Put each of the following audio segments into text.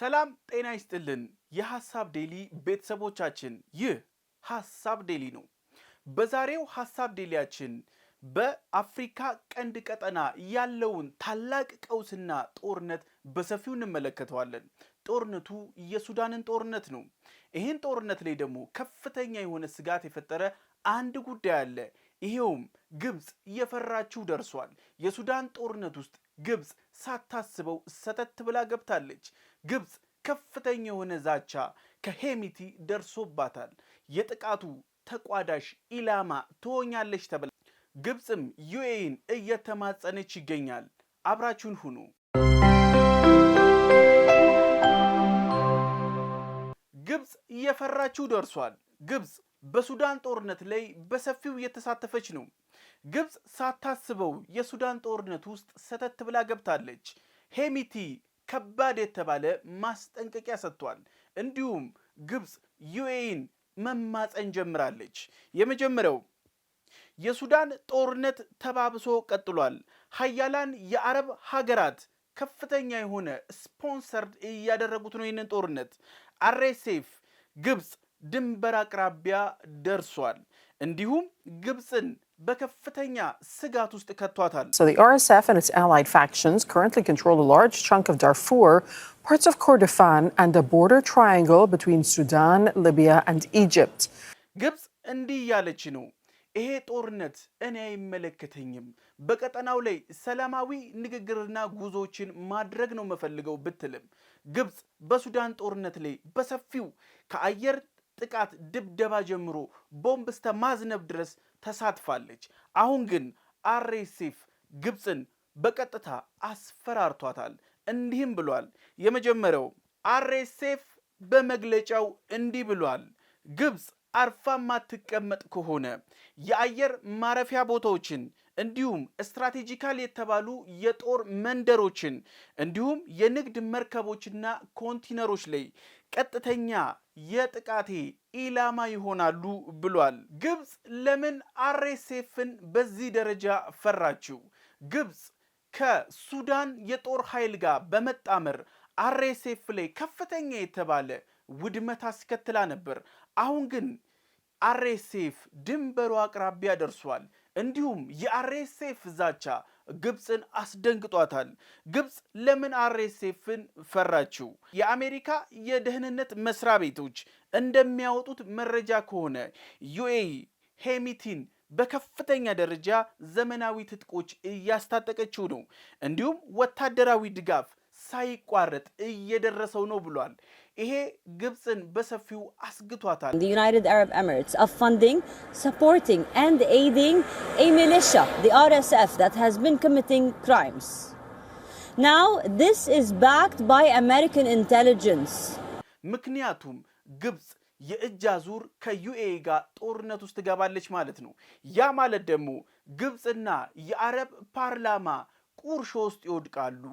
ሰላም ጤና ይስጥልን። የሀሳብ ዴሊ ቤተሰቦቻችን፣ ይህ ሀሳብ ዴሊ ነው። በዛሬው ሀሳብ ዴሊያችን በአፍሪካ ቀንድ ቀጠና ያለውን ታላቅ ቀውስና ጦርነት በሰፊው እንመለከተዋለን። ጦርነቱ የሱዳንን ጦርነት ነው። ይህን ጦርነት ላይ ደግሞ ከፍተኛ የሆነ ስጋት የፈጠረ አንድ ጉዳይ አለ። ይሄውም ግብፅ እየፈራችሁ ደርሷል። የሱዳን ጦርነት ውስጥ ግብፅ ሳታስበው ሰተት ብላ ገብታለች። ግብፅ ከፍተኛ የሆነ ዛቻ ከሄሚቲ ደርሶባታል። የጥቃቱ ተቋዳሽ ኢላማ ትሆኛለች ተብላ ግብፅም ዩኤን እየተማጸነች ይገኛል። አብራችሁን ሁኑ። ግብፅ እየፈራችሁ ደርሷል። ግብፅ በሱዳን ጦርነት ላይ በሰፊው እየተሳተፈች ነው። ግብፅ ሳታስበው የሱዳን ጦርነት ውስጥ ሰተት ብላ ገብታለች። ሄሚቲ ከባድ የተባለ ማስጠንቀቂያ ሰጥቷል። እንዲሁም ግብፅ ዩኤኢን መማፀን ጀምራለች። የመጀመሪያው የሱዳን ጦርነት ተባብሶ ቀጥሏል። ሀያላን የአረብ ሀገራት ከፍተኛ የሆነ ስፖንሰርድ እያደረጉት ነው። ይህንን ጦርነት አሬሴፍ ግብፅ ድንበር አቅራቢያ ደርሷል። እንዲሁም ግብፅን በከፍተኛ ስጋት ውስጥ ከቷታል። So the RSF and its allied factions currently control a large chunk of Darfur, parts of Kordofan and the border triangle between Sudan, Libya and Egypt. ግብፅ እንዲህ ያለች ነው ይሄ ጦርነት እኔ አይመለከተኝም፣ በቀጠናው ላይ ሰላማዊ ንግግርና ጉዞዎችን ማድረግ ነው የምፈልገው ብትልም ግብፅ በሱዳን ጦርነት ላይ በሰፊው ከአየር ጥቃት፣ ድብደባ ጀምሮ ቦምብ እስተ ማዝነብ ድረስ ተሳትፋለች። አሁን ግን አርኤስኤፍ ግብፅን በቀጥታ አስፈራርቷታል። እንዲህም ብሏል። የመጀመሪያው አርኤስኤፍ በመግለጫው እንዲህ ብሏል። ግብፅ አርፋ ማትቀመጥ ከሆነ የአየር ማረፊያ ቦታዎችን እንዲሁም ስትራቴጂካል የተባሉ የጦር መንደሮችን እንዲሁም የንግድ መርከቦችና ኮንቲነሮች ላይ ቀጥተኛ የጥቃቴ ኢላማ ይሆናሉ ብሏል። ግብፅ ለምን አርኤስኤፍን በዚህ ደረጃ ፈራችው? ግብፅ ከሱዳን የጦር ኃይል ጋር በመጣመር አርኤስኤፍ ላይ ከፍተኛ የተባለ ውድመት አስከትላ ነበር። አሁን ግን አርኤስኤፍ ድንበሩ አቅራቢያ ደርሷል። እንዲሁም የአርኤስኤፍ ዛቻ ግብፅን አስደንግጧታል። ግብፅ ለምን አርኤስኤፍን ፈራችው? የአሜሪካ የደህንነት መስሪያ ቤቶች እንደሚያወጡት መረጃ ከሆነ ዩኤኢ ሄሚቲን በከፍተኛ ደረጃ ዘመናዊ ትጥቆች እያስታጠቀችው ነው። እንዲሁም ወታደራዊ ድጋፍ ሳይቋረጥ እየደረሰው ነው ብሏል። ይሄ ግብፅን በሰፊው አስግቷታል። ዩናይትድ አረብ ኤሚሬትስ ፋንዲንግ ሰፖርቲንግ ክራይምስ ናው ዚስ ኢዝ ባክድ ባይ ምክንያቱም ግብፅ የእጅ አዙር ከዩኤኢ ጋር ጦርነት ውስጥ ትገባለች ማለት ነው። ያ ማለት ደግሞ ግብፅና የአረብ ፓርላማ ቁርሾ ውስጥ ይወድቃሉ።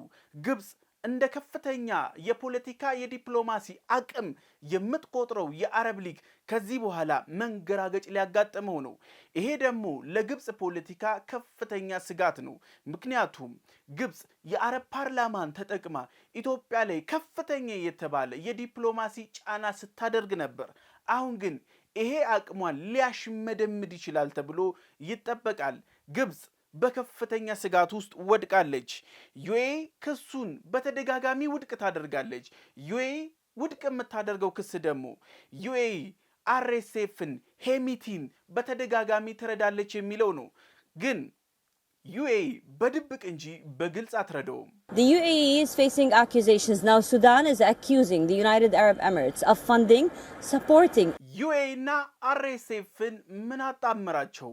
ግብፅ እንደ ከፍተኛ የፖለቲካ የዲፕሎማሲ አቅም የምትቆጥረው የአረብ ሊግ ከዚህ በኋላ መንገራገጭ ሊያጋጥመው ነው። ይሄ ደግሞ ለግብፅ ፖለቲካ ከፍተኛ ስጋት ነው። ምክንያቱም ግብፅ የአረብ ፓርላማን ተጠቅማ ኢትዮጵያ ላይ ከፍተኛ የተባለ የዲፕሎማሲ ጫና ስታደርግ ነበር። አሁን ግን ይሄ አቅሟን ሊያሽመደምድ ይችላል ተብሎ ይጠበቃል። ግብፅ በከፍተኛ ስጋት ውስጥ ወድቃለች። ዩኤ ክሱን በተደጋጋሚ ውድቅ ታደርጋለች። ዩኤ ውድቅ የምታደርገው ክስ ደግሞ ዩኤ አርኤስኤፍን ሄሚቲን በተደጋጋሚ ትረዳለች የሚለው ነው። ግን ዩኤ በድብቅ እንጂ በግልጽ አትረዳውም። The UAE is facing accusations now. Sudan is accusing the United Arab Emirates of funding, supporting እና ምን አጣምራቸው?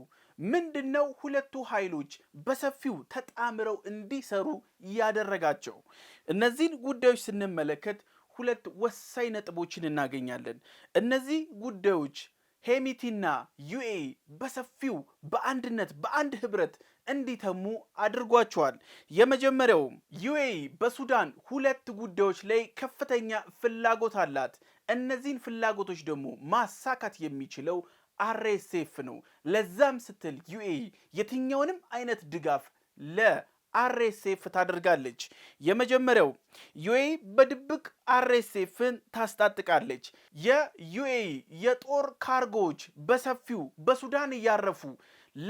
ምንድነው ሁለቱ ኃይሎች በሰፊው ተጣምረው እንዲሰሩ ያደረጋቸው? እነዚህን ጉዳዮች ስንመለከት ሁለት ወሳኝ ነጥቦችን እናገኛለን። እነዚህ ጉዳዮች ሄሚቲና ዩኤ በሰፊው በአንድነት በአንድ ህብረት እንዲተሙ አድርጓቸዋል። የመጀመሪያውም ዩኤ በሱዳን ሁለት ጉዳዮች ላይ ከፍተኛ ፍላጎት አላት። እነዚህን ፍላጎቶች ደግሞ ማሳካት የሚችለው አርኤስኤፍ ነው። ለዛም ስትል ዩኤኢ የትኛውንም አይነት ድጋፍ ለአርኤስኤፍ ታደርጋለች። የመጀመሪያው ዩኤኢ በድብቅ አርኤስኤፍን ታስታጥቃለች። የዩኤኢ የጦር ካርጎዎች በሰፊው በሱዳን እያረፉ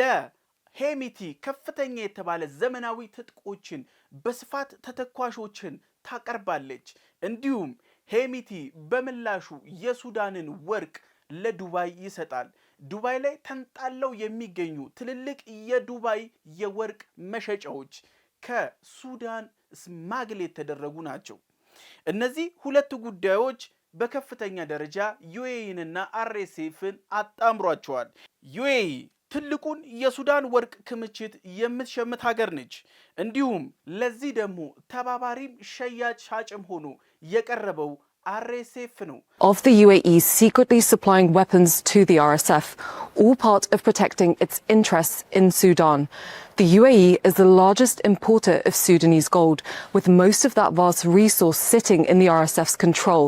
ለሄሚቲ ከፍተኛ የተባለ ዘመናዊ ትጥቆችን በስፋት ተተኳሾችን ታቀርባለች። እንዲሁም ሄሚቲ በምላሹ የሱዳንን ወርቅ ለዱባይ ይሰጣል። ዱባይ ላይ ተንጣለው የሚገኙ ትልልቅ የዱባይ የወርቅ መሸጫዎች ከሱዳን ስማግሌ የተደረጉ ናቸው። እነዚህ ሁለቱ ጉዳዮች በከፍተኛ ደረጃ ዩኤኢንና አርኤስኤፍን አጣምሯቸዋል። ዩኤኢ ትልቁን የሱዳን ወርቅ ክምችት የምትሸምት ሀገር ነች። እንዲሁም ለዚህ ደግሞ ተባባሪም ሸያጭ ሻጭም ሆኖ የቀረበው Of the UAE secretly supplying weapons to the RSF, all part of protecting its interests in Sudan. The UAE is the largest importer of Sudanese gold, with most of that vast resource sitting in the RSF's control.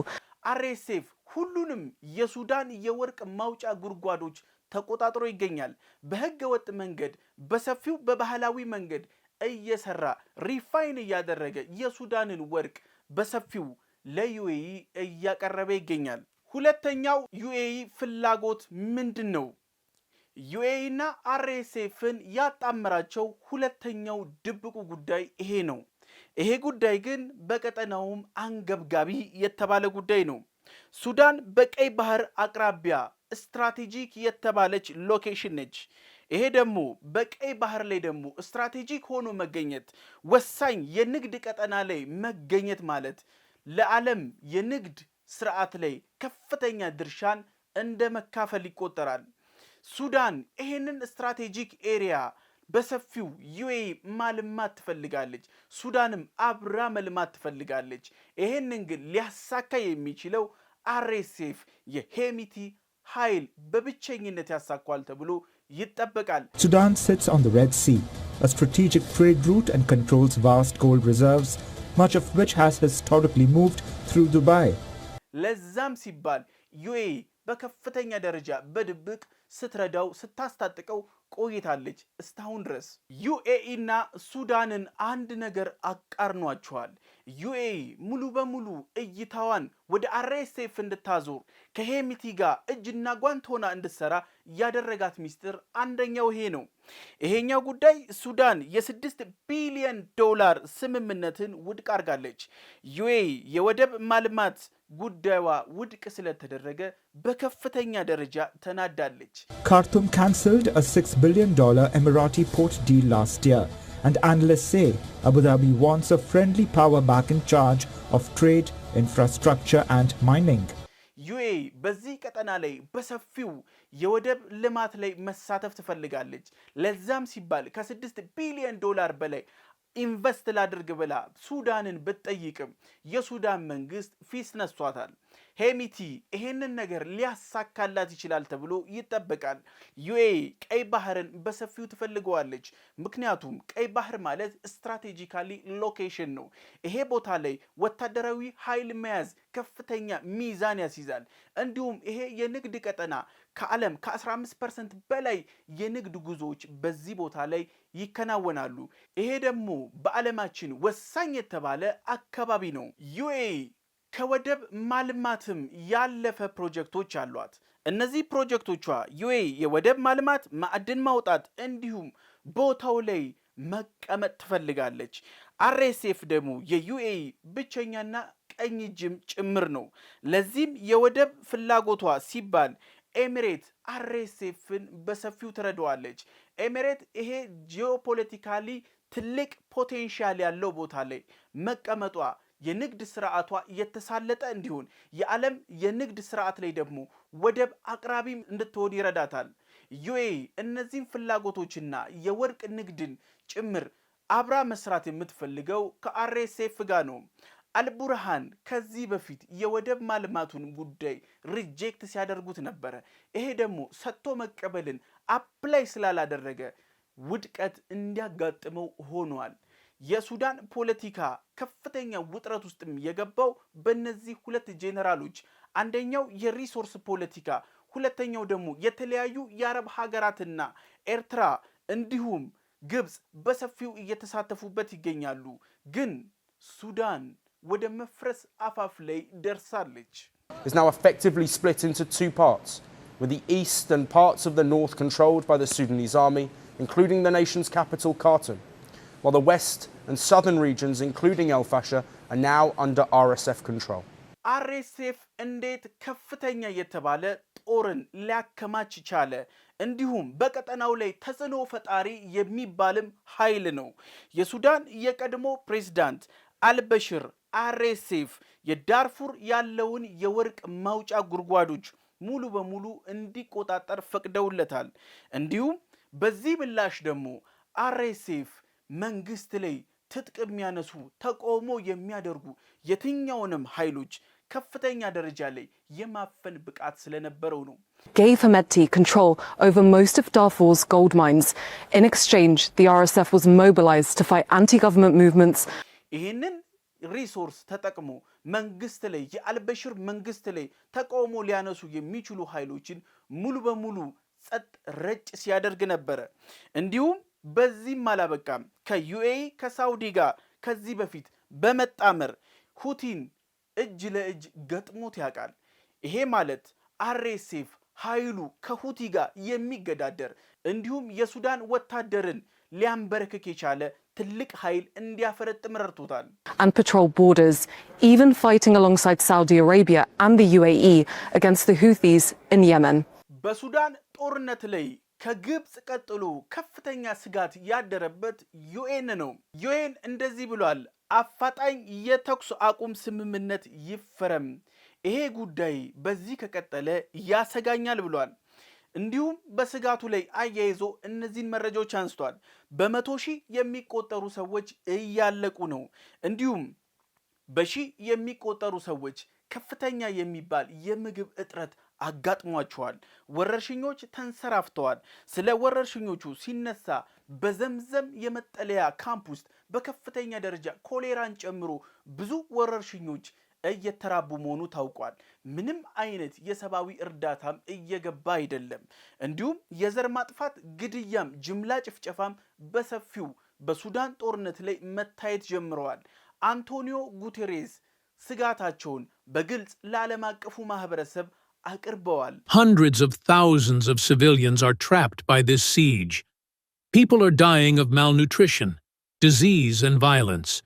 RSF ሁሉንም የሱዳን የወርቅ ማውጫ ጉድጓዶች ተቆጣጥሮ ይገኛል። በህገ ወጥ መንገድ በሰፊው በባህላዊ መንገድ እየሰራ ሪፋይን እያደረገ የሱዳንን ወርቅ በሰፊው ለዩኤኢ እያቀረበ ይገኛል። ሁለተኛው ዩኤኢ ፍላጎት ምንድን ነው? ዩኤኢ እና አርኤስኤፍን ያጣመራቸው ሁለተኛው ድብቁ ጉዳይ ይሄ ነው። ይሄ ጉዳይ ግን በቀጠናውም አንገብጋቢ የተባለ ጉዳይ ነው። ሱዳን በቀይ ባህር አቅራቢያ ስትራቴጂክ የተባለች ሎኬሽን ነች። ይሄ ደግሞ በቀይ ባህር ላይ ደግሞ ስትራቴጂክ ሆኖ መገኘት ወሳኝ የንግድ ቀጠና ላይ መገኘት ማለት ለዓለም የንግድ ስርዓት ላይ ከፍተኛ ድርሻን እንደ መካፈል ይቆጠራል። ሱዳን ይህንን ስትራቴጂክ ኤሪያ በሰፊው ዩኤ ማልማት ትፈልጋለች። ሱዳንም አብራ መልማት ትፈልጋለች። ይሄንን ግን ሊያሳካ የሚችለው አርኤስኤፍ የሄሚቲ ኃይል በብቸኝነት ያሳኳል ተብሎ ይጠበቃል። ሱዳን ሲትስ ኦን ዘ ሬድ ሲ ስትራቴጂክ ትሬድ ሩት ኤንድ ኮንትሮልስ ቫስት ጎልድ ሪዘርቭስ much of which has historically moved through Dubai. ለዛም ሲባል ዩኤኢ በከፍተኛ ደረጃ በድብቅ ስትረዳው ስታስታጥቀው ቆይታለች። እስካሁን ድረስ ዩኤኢና ሱዳንን አንድ ነገር አቃርኗቸዋል። ዩኤኢ ሙሉ በሙሉ እይታዋን ወደ አርኤስኤፍ እንድታዞር ከሄሚቲ ጋር እጅና ጓንት ሆና እንድትሰራ ያደረጋት ሚስጥር አንደኛው ይሄ ነው። ይሄኛው ጉዳይ ሱዳን የስድስት ቢሊዮን ዶላር ስምምነትን ውድቅ የወደብ ማልማት ጉዳዩዋ ውድቅ ስለተደረገ በከፍተኛ ደረጃ ተናዳለች። ካርቱም ካንስልድ a 6 billion dollar Emirati port deal last year and analysts say Abu Dhabi wants a friendly power back in charge of trade, infrastructure and mining. ዩኤ በዚህ ቀጠና ላይ በሰፊው የወደብ ልማት ላይ መሳተፍ ትፈልጋለች። ለዛም ሲባል ከስድስት ቢሊዮን ዶላር በላይ ኢንቨስት ላድርግ ብላ ሱዳንን ብትጠይቅም የሱዳን መንግስት ፊስ ነሷታል። ሄሚቲ ይሄንን ነገር ሊያሳካላት ይችላል ተብሎ ይጠበቃል። ዩኤ ቀይ ባህርን በሰፊው ትፈልገዋለች። ምክንያቱም ቀይ ባህር ማለት ስትራቴጂካሊ ሎኬሽን ነው። ይሄ ቦታ ላይ ወታደራዊ ኃይል መያዝ ከፍተኛ ሚዛን ያስይዛል። እንዲሁም ይሄ የንግድ ቀጠና ከዓለም ከ15 ፐርሰንት በላይ የንግድ ጉዞዎች በዚህ ቦታ ላይ ይከናወናሉ። ይሄ ደግሞ በዓለማችን ወሳኝ የተባለ አካባቢ ነው። ዩኤ ከወደብ ማልማትም ያለፈ ፕሮጀክቶች አሏት። እነዚህ ፕሮጀክቶቿ ዩኤ የወደብ ማልማት፣ ማዕድን ማውጣት እንዲሁም ቦታው ላይ መቀመጥ ትፈልጋለች። አርኤስኤፍ ደግሞ የዩኤ ብቸኛና ቀኝ እጅም ጭምር ነው። ለዚህም የወደብ ፍላጎቷ ሲባል ኤሚሬት አርኤስኤፍን በሰፊው ትረዳዋለች። ኤሚሬት ይሄ ጂኦፖለቲካሊ ትልቅ ፖቴንሻል ያለው ቦታ ላይ መቀመጧ የንግድ ስርዓቷ እየተሳለጠ እንዲሆን የዓለም የንግድ ስርዓት ላይ ደግሞ ወደብ አቅራቢም እንድትሆን ይረዳታል። ዩኤ እነዚህን ፍላጎቶችና የወርቅ ንግድን ጭምር አብራ መስራት የምትፈልገው ከአርኤስኤፍ ጋር ነው። አልቡርሃን ከዚህ በፊት የወደብ ማልማቱን ጉዳይ ሪጀክት ሲያደርጉት ነበረ። ይሄ ደግሞ ሰጥቶ መቀበልን አፕላይ ስላላደረገ ውድቀት እንዲያጋጥመው ሆኗል። የሱዳን ፖለቲካ ከፍተኛ ውጥረት ውስጥም የገባው በእነዚህ ሁለት ጄኔራሎች፣ አንደኛው የሪሶርስ ፖለቲካ፣ ሁለተኛው ደግሞ የተለያዩ የአረብ ሀገራትና ኤርትራ እንዲሁም ግብፅ በሰፊው እየተሳተፉበት ይገኛሉ። ግን ሱዳን ወደ መፍረስ አፋፍ ላይ ደርሳለች። is now effectively split into two parts, with the east and parts of the north controlled by the Sudanese army, including the nation's capital Khartoum, while the west and southern regions, including El Fasha, are now under RSF control. አርኤስኤፍ እንዴት ከፍተኛ የተባለ ጦርን ሊያከማች ቻለ? እንዲሁም በቀጠናው ላይ ተጽዕኖ ፈጣሪ የሚባልም ኃይል ነው። የሱዳን የቀድሞ ፕሬዝዳንት አልበሽር አርኤስኤፍ የዳርፉር ያለውን የወርቅ ማውጫ ጉድጓዶች ሙሉ በሙሉ እንዲቆጣጠር ፈቅደውለታል። እንዲሁም በዚህ ምላሽ ደግሞ አርኤስኤፍ መንግስት ላይ ትጥቅ የሚያነሱ ተቃውሞ የሚያደርጉ የትኛውንም ኃይሎች ከፍተኛ ደረጃ ላይ የማፈን ብቃት ስለነበረው ነው። gave Hemedti control over most of Darfur's gold mines. In exchange, the RSF was mobilized to fight anti-government movements. ይህንን ሪሶርስ ተጠቅሞ መንግስት ላይ የአልበሽር መንግስት ላይ ተቃውሞ ሊያነሱ የሚችሉ ኃይሎችን ሙሉ በሙሉ ጸጥ ረጭ ሲያደርግ ነበረ እንዲሁም በዚህም አላበቃም። ከዩኤኢ ከሳውዲ ጋር ከዚህ በፊት በመጣመር ሁቲን እጅ ለእጅ ገጥሞት ያውቃል። ይሄ ማለት አርኤስኤፍ ኃይሉ ከሁቲ ጋር የሚገዳደር እንዲሁም የሱዳን ወታደርን ሊያንበረክክ የቻለ ትልቅ ኃይል እንዲያፈረጥም ረድቶታል። and patrol borders even fighting alongside Saudi Arabia and the UAE against the Houthis in Yemen በሱዳን ጦርነት ላይ ከግብፅ ቀጥሎ ከፍተኛ ስጋት ያደረበት ዩኤን ነው። ዩኤን እንደዚህ ብሏል፣ አፋጣኝ የተኩስ አቁም ስምምነት ይፈረም፣ ይሄ ጉዳይ በዚህ ከቀጠለ ያሰጋኛል ብሏል። እንዲሁም በስጋቱ ላይ አያይዞ እነዚህን መረጃዎች አንስቷል። በመቶ ሺህ የሚቆጠሩ ሰዎች እያለቁ ነው። እንዲሁም በሺህ የሚቆጠሩ ሰዎች ከፍተኛ የሚባል የምግብ እጥረት አጋጥሟቸዋል። ወረርሽኞች ተንሰራፍተዋል። ስለ ወረርሽኞቹ ሲነሳ በዘምዘም የመጠለያ ካምፕ ውስጥ በከፍተኛ ደረጃ ኮሌራን ጨምሮ ብዙ ወረርሽኞች እየተራቡ መሆኑ ታውቋል። ምንም አይነት የሰብአዊ እርዳታም እየገባ አይደለም። እንዲሁም የዘር ማጥፋት ግድያም፣ ጅምላ ጭፍጨፋም በሰፊው በሱዳን ጦርነት ላይ መታየት ጀምረዋል። አንቶኒዮ ጉቴሬዝ ስጋታቸውን በግልጽ ለዓለም አቀፉ ማህበረሰብ Hundreds of thousands of civilians are trapped by this siege. People are dying of malnutrition, disease, and violence.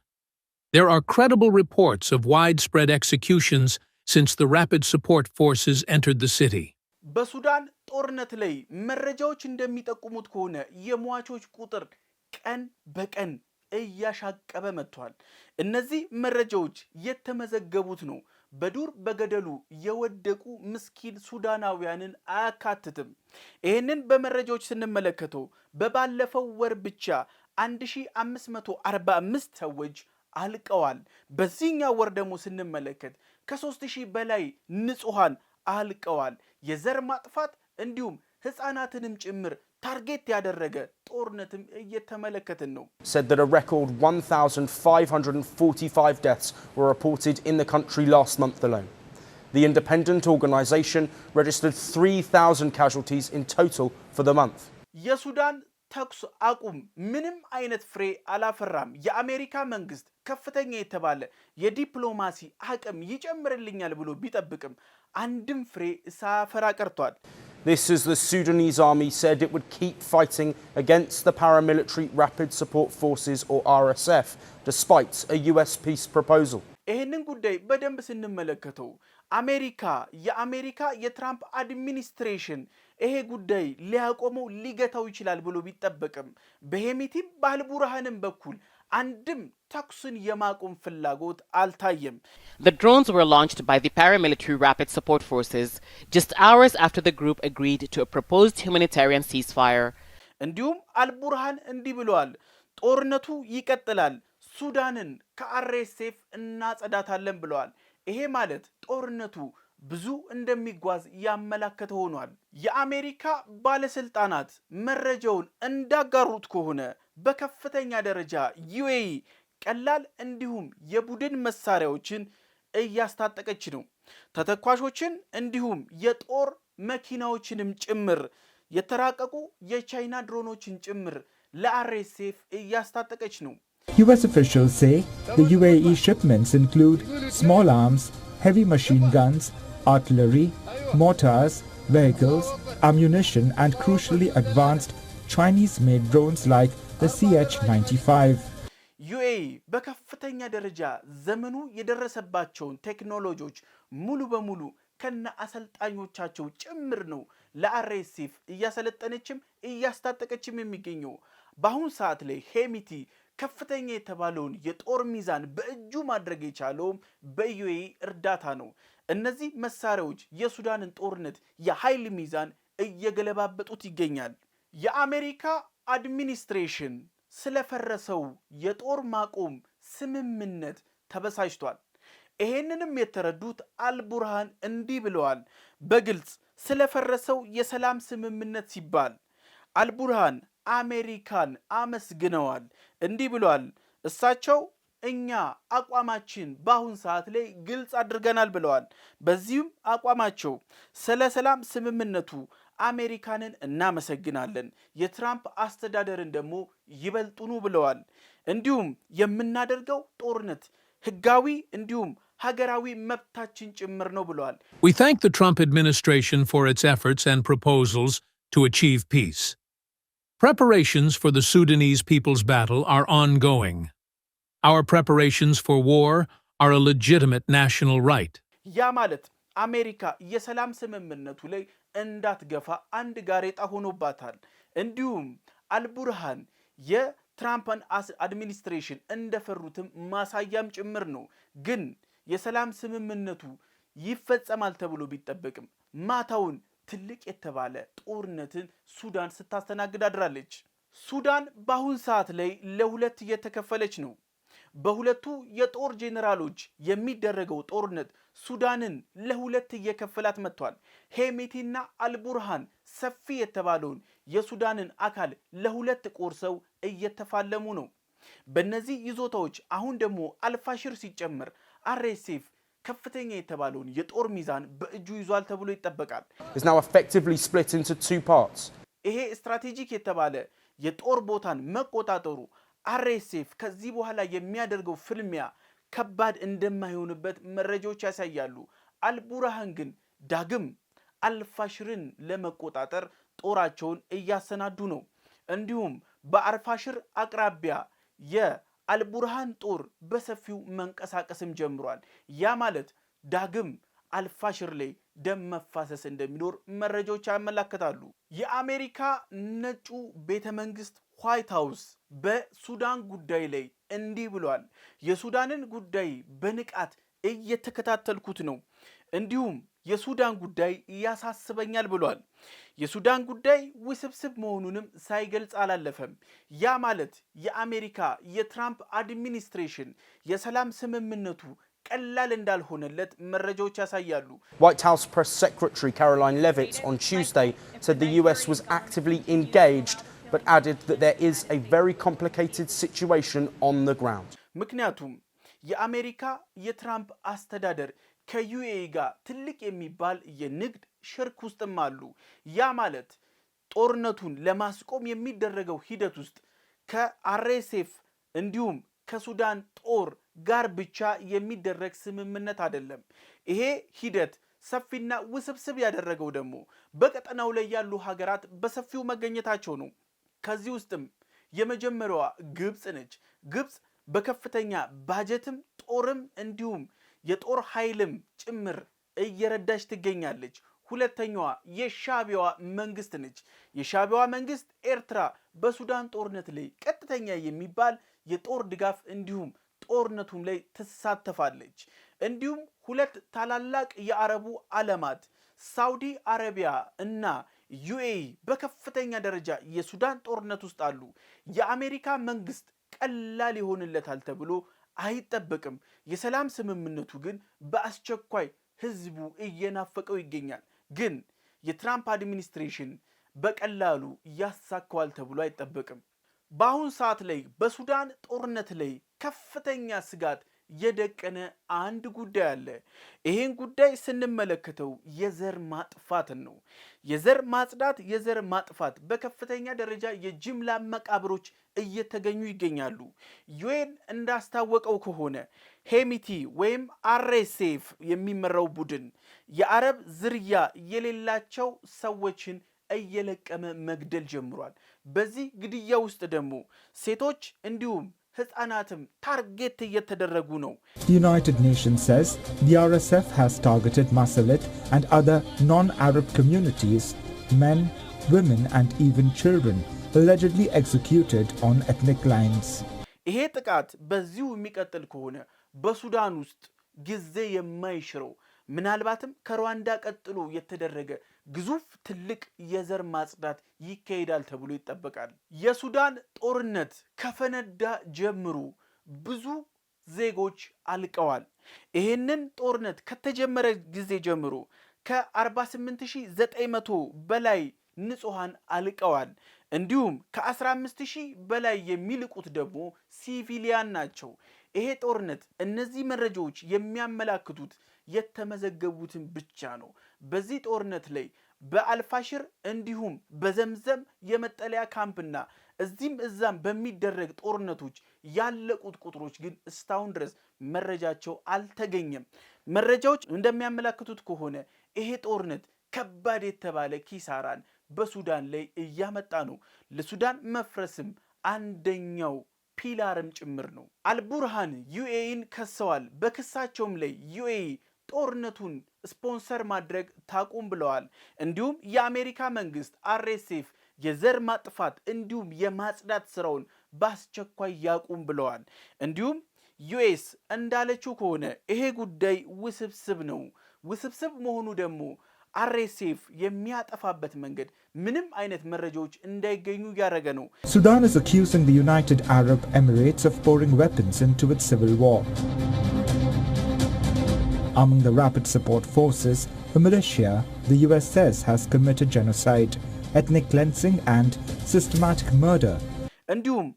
There are credible reports of widespread executions since the rapid support forces entered the city. እያሻቀበ መጥቷል። እነዚህ መረጃዎች የተመዘገቡት ነው። በዱር በገደሉ የወደቁ ምስኪን ሱዳናውያንን አያካትትም። ይህንን በመረጃዎች ስንመለከተው በባለፈው ወር ብቻ 1545 ሰዎች አልቀዋል። በዚህኛው ወር ደግሞ ስንመለከት ከ3000 በላይ ንጹሐን አልቀዋል። የዘር ማጥፋት እንዲሁም ሕፃናትንም ጭምር ታርጌት ያደረገ ጦርነትም እየተመለከትን ነው። said that a record 1545 deaths were reported in the country last month alone. The independent organization registered 3000 casualties in total for the month. የሱዳን ተኩስ አቁም ምንም አይነት ፍሬ አላፈራም። የአሜሪካ መንግስት ከፍተኛ የተባለ የዲፕሎማሲ አቅም ይጨምርልኛል ብሎ ቢጠብቅም አንድም ፍሬ ሳያፈራ ቀርቷል። This as the Sudanese army said it would keep fighting against the paramilitary Rapid Support Forces or RSF, despite a US peace proposal. ይህንን ጉዳይ በደንብ ስንመለከተው አሜሪካ የአሜሪካ የትራምፕ አድሚኒስትሬሽን ይሄ ጉዳይ ሊያቆመው ሊገታው ይችላል ብሎ ቢጠበቅም በሄሚቲም በአልቡርሃንም በኩል the drones were launched by the paramilitary rapid support forces just hours after the group agreed to a proposed humanitarian ceasefire. እንዲሁም አልቡርሃን እንዲህ ብለዋል። ጦርነቱ ይቀጥላል፣ ሱዳንን ከአርኤስኤፍ እናጸዳታለን ብለዋል። ይሄ ማለት ጦርነቱ ብዙ እንደሚጓዝ ያመላከተ ሆኗል። የአሜሪካ ባለስልጣናት መረጃውን እንዳጋሩት ከሆነ በከፍተኛ ደረጃ ዩኤኢ ቀላል እንዲሁም የቡድን መሳሪያዎችን እያስታጠቀች ነው። ተተኳሾችን እንዲሁም የጦር መኪናዎችንም ጭምር የተራቀቁ የቻይና ድሮኖችን ጭምር ለአርኤስኤፍ እያስታጠቀች ነው። ዩኤስ ኦፊሻልስ ሴይ ዩኤኢ ሽፕመንትስ ኢንክሉድ ስሞል አርምስ ሄቪ ማሽን ጋንስ artillery, mortars, vehicles, ammunition and crucially advanced Chinese-made drones like the CH-95. ዩኤኢ በከፍተኛ ደረጃ ዘመኑ የደረሰባቸውን ቴክኖሎጂዎች ሙሉ በሙሉ ከነ አሰልጣኞቻቸው ጭምር ነው ለአርኤስኤፍ እያሰለጠነችም እያስታጠቀችም የሚገኘው። በአሁኑ ሰዓት ላይ ሄሚቲ ከፍተኛ የተባለውን የጦር ሚዛን በእጁ ማድረግ የቻለውም በዩኤኢ እርዳታ ነው። እነዚህ መሳሪያዎች የሱዳንን ጦርነት የኃይል ሚዛን እየገለባበጡት ይገኛል። የአሜሪካ አድሚኒስትሬሽን ስለፈረሰው የጦር ማቆም ስምምነት ተበሳጭቷል። ይሄንንም የተረዱት አልቡርሃን እንዲህ ብለዋል በግልጽ ስለፈረሰው የሰላም ስምምነት ሲባል አልቡርሃን አሜሪካን አመስግነዋል። እንዲህ ብለዋል እሳቸው እኛ አቋማችን በአሁን ሰዓት ላይ ግልጽ አድርገናል ብለዋል። በዚህም አቋማቸው ስለ ሰላም ስምምነቱ አሜሪካንን እናመሰግናለን፣ የትራምፕ አስተዳደርን ደግሞ ይበልጡኑ ብለዋል። እንዲሁም የምናደርገው ጦርነት ህጋዊ እንዲሁም ሀገራዊ መብታችን ጭምር ነው ብለዋል። We thank the Trump administration for its efforts and proposals to achieve peace. Preparations for the Sudanese people's battle are ongoing. Our preparations for war are a legitimate national right. ያ ማለት አሜሪካ የሰላም ስምምነቱ ላይ እንዳትገፋ አንድ ጋሬጣ ሆኖባታል። እንዲሁም አልቡርሃን የትራምፕን አድሚኒስትሬሽን እንደፈሩትም ማሳያም ጭምር ነው። ግን የሰላም ስምምነቱ ይፈጸማል ተብሎ ቢጠበቅም ማታውን ትልቅ የተባለ ጦርነትን ሱዳን ስታስተናግድ አድራለች። ሱዳን በአሁን ሰዓት ላይ ለሁለት እየተከፈለች ነው። በሁለቱ የጦር ጄኔራሎች የሚደረገው ጦርነት ሱዳንን ለሁለት እየከፈላት መጥቷል። ሄሜቲና አልቡርሃን ሰፊ የተባለውን የሱዳንን አካል ለሁለት ቆርሰው እየተፋለሙ ነው። በእነዚህ ይዞታዎች አሁን ደግሞ አልፋሽር ሲጨመር አርኤስኤፍ ከፍተኛ የተባለውን የጦር ሚዛን በእጁ ይዟል ተብሎ ይጠበቃል። ይሄ ስትራቴጂክ የተባለ የጦር ቦታን መቆጣጠሩ አርኤስኤፍ ከዚህ በኋላ የሚያደርገው ፍልሚያ ከባድ እንደማይሆንበት መረጃዎች ያሳያሉ። አልቡርሃን ግን ዳግም አልፋሽርን ለመቆጣጠር ጦራቸውን እያሰናዱ ነው። እንዲሁም በአልፋሽር አቅራቢያ የአልቡርሃን ጦር በሰፊው መንቀሳቀስም ጀምሯል። ያ ማለት ዳግም አልፋሽር ላይ ደም መፋሰስ እንደሚኖር መረጃዎች ያመላክታሉ። የአሜሪካ ነጩ ቤተ መንግስት ዋይት ሀውስ በሱዳን ጉዳይ ላይ እንዲህ ብሏል። የሱዳንን ጉዳይ በንቃት እየተከታተልኩት ነው፣ እንዲሁም የሱዳን ጉዳይ ያሳስበኛል ብሏል። የሱዳን ጉዳይ ውስብስብ መሆኑንም ሳይገልጽ አላለፈም። ያ ማለት የአሜሪካ የትራምፕ አድሚኒስትሬሽን የሰላም ስምምነቱ ቀላል እንዳልሆነለት መረጃዎች ያሳያሉ። ዋይት ሃውስ ፕሬስ ሴክሬታሪ ካሮላይን ሌቪትስ ኦን ቱዝዴይ ሰድ ዘ ዩኤስ ዋዝ አክቲቭሊ ኢንጌጅድ ባት added that there ኢዝ a very ኮምፕሊኬትድ ሲቹዌሽን ኦን ዘ ግራውንድ። ምክንያቱም የአሜሪካ የትራምፕ አስተዳደር ከዩኤኢ ጋር ትልቅ የሚባል የንግድ ሽርክ ውስጥም አሉ። ያ ማለት ጦርነቱን ለማስቆም የሚደረገው ሂደት ውስጥ ከአርኤስኤፍ እንዲሁም ከሱዳን ጦር ጋር ብቻ የሚደረግ ስምምነት አይደለም። ይሄ ሂደት ሰፊና ውስብስብ ያደረገው ደግሞ በቀጠናው ላይ ያሉ ሀገራት በሰፊው መገኘታቸው ነው። ከዚህ ውስጥም የመጀመሪያዋ ግብፅ ነች። ግብፅ በከፍተኛ ባጀትም ጦርም እንዲሁም የጦር ኃይልም ጭምር እየረዳች ትገኛለች። ሁለተኛዋ የሻቢያዋ መንግስት ነች። የሻቢያዋ መንግስት ኤርትራ በሱዳን ጦርነት ላይ ቀጥተኛ የሚባል የጦር ድጋፍ እንዲሁም ጦርነቱም ላይ ትሳተፋለች። እንዲሁም ሁለት ታላላቅ የአረቡ ዓለማት ሳውዲ አረቢያ እና ዩኤኢ በከፍተኛ ደረጃ የሱዳን ጦርነት ውስጥ አሉ። የአሜሪካ መንግስት ቀላል ይሆንለታል ተብሎ አይጠበቅም። የሰላም ስምምነቱ ግን በአስቸኳይ ህዝቡ እየናፈቀው ይገኛል። ግን የትራምፕ አድሚኒስትሬሽን በቀላሉ ያሳካዋል ተብሎ አይጠበቅም። በአሁን ሰዓት ላይ በሱዳን ጦርነት ላይ ከፍተኛ ስጋት የደቀነ አንድ ጉዳይ አለ። ይህን ጉዳይ ስንመለከተው የዘር ማጥፋትን ነው። የዘር ማጽዳት፣ የዘር ማጥፋት በከፍተኛ ደረጃ የጅምላ መቃብሮች እየተገኙ ይገኛሉ። ዩኤን እንዳስታወቀው ከሆነ ሄሚቲ ወይም አርኤስኤፍ የሚመራው ቡድን የአረብ ዝርያ የሌላቸው ሰዎችን እየለቀመ መግደል ጀምሯል። በዚህ ግድያ ውስጥ ደግሞ ሴቶች እንዲሁም ህጻናትም ታርጌት እየተደረጉ ነው። ዩናይትድ ኔሽን ሰስ ዘ አርኤስኤፍ ሃዝ ታርጌትድ ማሰለት አንድ አዘር ኖን አረብ ኮሚኒቲስ መን ወመን አንድ ኢቨን ችልድረን አሌጅድሊ ኤግዚኪዩትድ ኦን ኤትኒክ ላይንስ። ይሄ ጥቃት በዚሁ የሚቀጥል ከሆነ በሱዳን ውስጥ ጊዜ የማይሽረው ምናልባትም ከሩዋንዳ ቀጥሎ የተደረገ ግዙፍ ትልቅ የዘር ማጽዳት ይካሄዳል ተብሎ ይጠበቃል። የሱዳን ጦርነት ከፈነዳ ጀምሮ ብዙ ዜጎች አልቀዋል። ይህንን ጦርነት ከተጀመረ ጊዜ ጀምሮ ከ48900 በላይ ንጹሐን አልቀዋል። እንዲሁም ከ15000 በላይ የሚልቁት ደግሞ ሲቪሊያን ናቸው። ይሄ ጦርነት እነዚህ መረጃዎች የሚያመላክቱት የተመዘገቡትን ብቻ ነው። በዚህ ጦርነት ላይ በአልፋሽር እንዲሁም በዘምዘም የመጠለያ ካምፕና እዚህም እዛም በሚደረግ ጦርነቶች ያለቁት ቁጥሮች ግን እስካሁን ድረስ መረጃቸው አልተገኘም። መረጃዎች እንደሚያመላክቱት ከሆነ ይሄ ጦርነት ከባድ የተባለ ኪሳራን በሱዳን ላይ እያመጣ ነው። ለሱዳን መፍረስም አንደኛው ፒላርም ጭምር ነው። አልቡርሃን ዩኤኢን ከሰዋል። በክሳቸውም ላይ ዩኤኢ ጦርነቱን ስፖንሰር ማድረግ ታቁም ብለዋል። እንዲሁም የአሜሪካ መንግስት አርኤስኤፍ የዘር ማጥፋት እንዲሁም የማጽዳት ስራውን በአስቸኳይ ያቁም ብለዋል። እንዲሁም ዩኤስ እንዳለችው ከሆነ ይሄ ጉዳይ ውስብስብ ነው። ውስብስብ መሆኑ ደግሞ አርኤስኤፍ የሚያጠፋበት መንገድ ምንም አይነት መረጃዎች እንዳይገኙ ያደረገ ነው። ሱዳን ስ accusing ዩናይትድ አረብ Arab Emirates of pouring weapons into Among the Rapid Support Forces, the militia, the US says has committed genocide, ethnic cleansing and systematic murder. Disturbing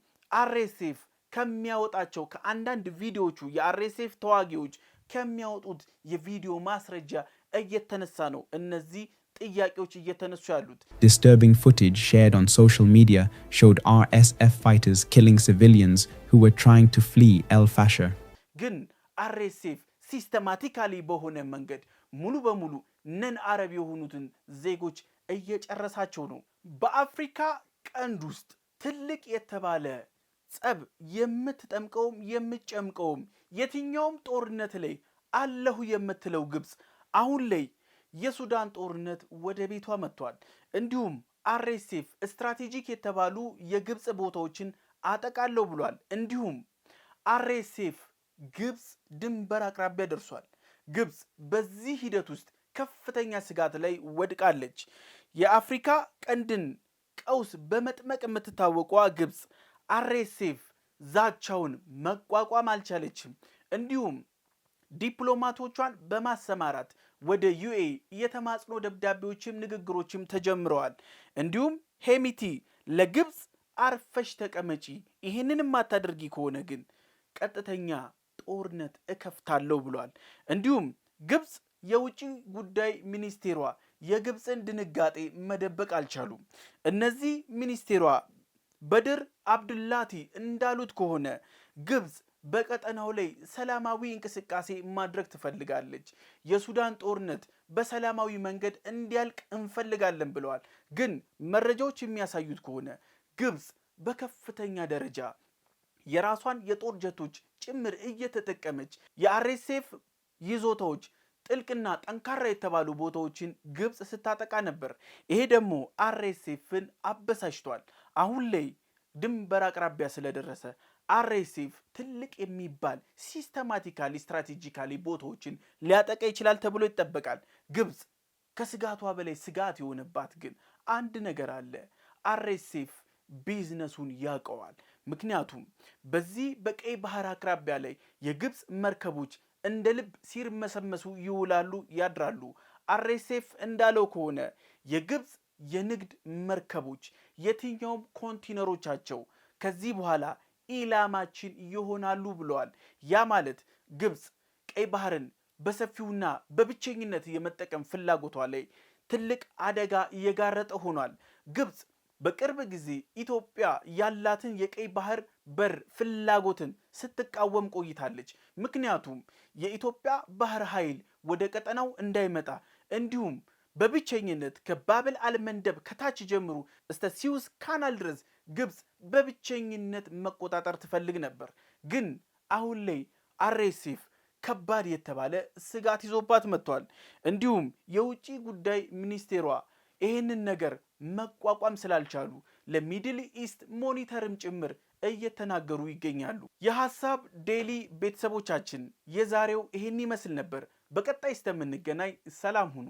footage shared on social media showed RSF fighters killing civilians who were trying to flee El Fasher. ሲስተማቲካሊ በሆነ መንገድ ሙሉ በሙሉ ነን አረብ የሆኑትን ዜጎች እየጨረሳቸው ነው። በአፍሪካ ቀንድ ውስጥ ትልቅ የተባለ ጸብ የምትጠምቀውም የምትጨምቀውም የትኛውም ጦርነት ላይ አለሁ የምትለው ግብፅ አሁን ላይ የሱዳን ጦርነት ወደ ቤቷ መጥቷል። እንዲሁም አርኤስኤፍ ስትራቴጂክ የተባሉ የግብፅ ቦታዎችን አጠቃለሁ ብሏል። እንዲሁም አርኤስኤፍ ግብፅ ድንበር አቅራቢያ ደርሷል። ግብፅ በዚህ ሂደት ውስጥ ከፍተኛ ስጋት ላይ ወድቃለች። የአፍሪካ ቀንድን ቀውስ በመጥመቅ የምትታወቋ ግብፅ አርኤስኤፍ ዛቻውን መቋቋም አልቻለችም። እንዲሁም ዲፕሎማቶቿን በማሰማራት ወደ ዩኤ የተማጽኖ ደብዳቤዎችም ንግግሮችም ተጀምረዋል። እንዲሁም ሄሚቲ ለግብፅ አርፈሽ ተቀመጪ፣ ይህንን የማታደርጊ ከሆነ ግን ቀጥተኛ ጦርነት እከፍታለሁ ብሏል። እንዲሁም ግብፅ የውጭ ጉዳይ ሚኒስቴሯ የግብፅን ድንጋጤ መደበቅ አልቻሉም። እነዚህ ሚኒስቴሯ በድር አብድላቲ እንዳሉት ከሆነ ግብፅ በቀጠናው ላይ ሰላማዊ እንቅስቃሴ ማድረግ ትፈልጋለች። የሱዳን ጦርነት በሰላማዊ መንገድ እንዲያልቅ እንፈልጋለን ብለዋል። ግን መረጃዎች የሚያሳዩት ከሆነ ግብፅ በከፍተኛ ደረጃ የራሷን የጦር ጀቶች ጭምር እየተጠቀመች የአርኤስኤፍ ይዞታዎች ጥልቅና ጠንካራ የተባሉ ቦታዎችን ግብፅ ስታጠቃ ነበር። ይሄ ደግሞ አርኤስኤፍን አበሳጭቷል። አሁን ላይ ድንበር አቅራቢያ ስለደረሰ አርኤስኤፍ ትልቅ የሚባል ሲስተማቲካሊ ስትራቴጂካሊ ቦታዎችን ሊያጠቃ ይችላል ተብሎ ይጠበቃል። ግብፅ ከስጋቷ በላይ ስጋት የሆነባት ግን አንድ ነገር አለ። አርኤስኤፍ ቢዝነሱን ያውቀዋል። ምክንያቱም በዚህ በቀይ ባህር አቅራቢያ ላይ የግብፅ መርከቦች እንደ ልብ ሲርመሰመሱ ይውላሉ፣ ያድራሉ። አሬሴፍ እንዳለው ከሆነ የግብፅ የንግድ መርከቦች የትኛውም ኮንቲነሮቻቸው ከዚህ በኋላ ኢላማችን ይሆናሉ ብለዋል። ያ ማለት ግብፅ ቀይ ባህርን በሰፊውና በብቸኝነት የመጠቀም ፍላጎቷ ላይ ትልቅ አደጋ እየጋረጠ ሆኗል። ግብፅ በቅርብ ጊዜ ኢትዮጵያ ያላትን የቀይ ባህር በር ፍላጎትን ስትቃወም ቆይታለች። ምክንያቱም የኢትዮጵያ ባህር ኃይል ወደ ቀጠናው እንዳይመጣ እንዲሁም በብቸኝነት ከባብል አልመንደብ ከታች ጀምሮ እስከ ሲዩዝ ካናል ድረስ ግብፅ በብቸኝነት መቆጣጠር ትፈልግ ነበር። ግን አሁን ላይ አሬሴፍ ከባድ የተባለ ስጋት ይዞባት መጥቷል። እንዲሁም የውጭ ጉዳይ ሚኒስቴሯ ይህንን ነገር መቋቋም ስላልቻሉ ለሚድል ኢስት ሞኒተርም ጭምር እየተናገሩ ይገኛሉ። የሀሳብ ዴሊ ቤተሰቦቻችን የዛሬው ይህን ይመስል ነበር። በቀጣይ እስከምንገናኝ ሰላም ሁኑ።